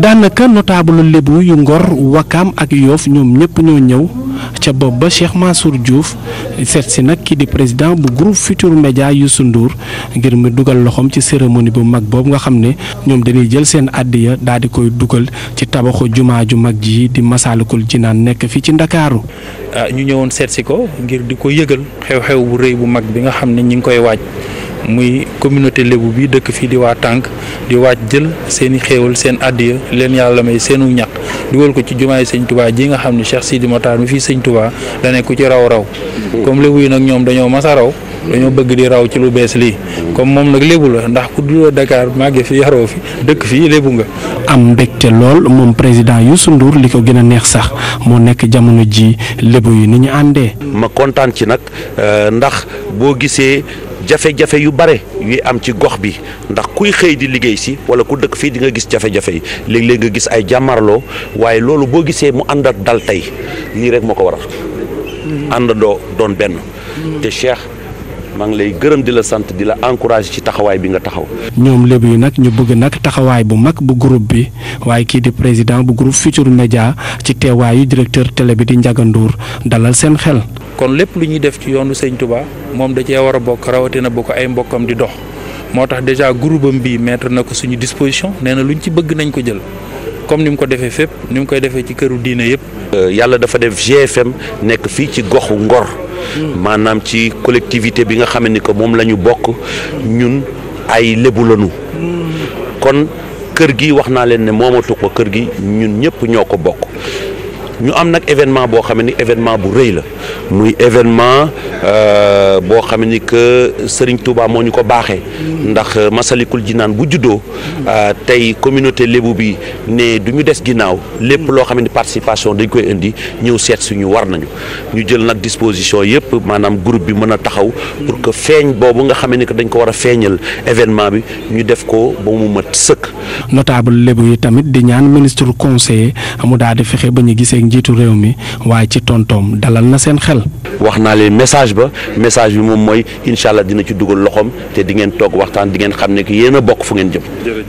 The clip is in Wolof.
daanaka notable lébu yu Ngor Wakaam ak Yoof ñoom ñëpp ñoo ñëw ca bopp ba Cheikh Mansour Diouf seet si nag ki di président bu groupe Futur Média yu Ndour ngir mu dugal loxoom ci cérémonie bu mag boobu nga xam ne ñoom dañuy jël seen àddiya daal di koy dugal ci tabaxu jumaa ju mag ji di Masaalikul Jinaan nekk fii ci Ndakaaru ah, ñu ñëwoon seet si ko ngir di ko yëgal xew-xew bu rëy bu mag bi nga xam ne ñu ngi koy waaj. muy communauté lébu bi dëkk fii di waa tànk di waaj jël seen i xéewal seen addiya leen yàlla may seenu ñaq dugal ko ci jumaay sëñ Touba ji nga xam ne Cheikh di Motar mi fii sëñ Touba dane ku ci raw raw comme lébu yi nag ñoom dañoo mas a raw dañoo bëgg di raw ci lu bees lii comme moom nag lébu la ndax ku duloo Dakar màggee fi yaroo fi dëkk fii lébu nga am mbégte lool moom président Youssou Ndour li ko gën a neex sax moo nekk jamono ji lébu yi ni ñu àndee ma kontaan ci nag euh, ndax boo gisee jafé jafé yu baré yu am ci gox bi ndax kuy xey di liggéey si wala ku dëkk fi di nga gis jafé jafé yi léeg nga gis ay jamarlo waye lolu bo gisé mu andat dal tay lii rek moko waral andado don ben te Cheikh mang ngi lay gëreum di la sant di la encouragé ci taxaway bi nga taxaw. ñom lébu yi nak ñu bëgg nak taxaway bu mag bu groupe bi waye ki di président bu groupe future media ci téwaayu directeur télé bi di Ndiaga dalal seen xel. kon lépp lu ñuy def ci yoonu sëñ Touba moom da cee war a bokk rawatina bu ko ay mbokkam di dox moo tax déjà groupam bi mettre na ko suñu disposition nee na ñu ci bëgg nañ ko jël comme ni mu ko defee fépp ni mu koy defee ci këru diine yëpp. Euh, yàlla dafa def GFM nekk fii ci goxu Ngor. Hmm. maanaam ci collectivité bi nga xam ni que moom la ñu bokk ñun ay lébu lañu hmm. kon kër gi wax naa leen ne moomatu ko kër gi ñun ñëpp ñoo ko bokk. ñu am nag événement boo xam ni événement bu réy la muy événement euh, boo xam ni que Serigne Touba moo ñu ko baaxee ndax Masalikul naan bu juddoo euh, tey communauté lébu bi ne du des ginnaaw lépp loo xam ni participation dañ koy indi ñëw seet suñu war nañu ñu jël nag disposition yépp maanaam groupe bi mën a taxaw pour que feeñ boobu nga xam ni que dañ ko war a feeñal événement bi ñu def ko ba mu mat sëkk. notable lébu yi tamit di ñaan ministre njiitu réew mi waaye ci tontoom dalal na seen xel. wax naa leen message ba message bi moom mooy incha allah dina ci dugal loxoom te di ngeen toog waxtaan di ngeen xam ne que yéen a bokk fu ngeen jëm.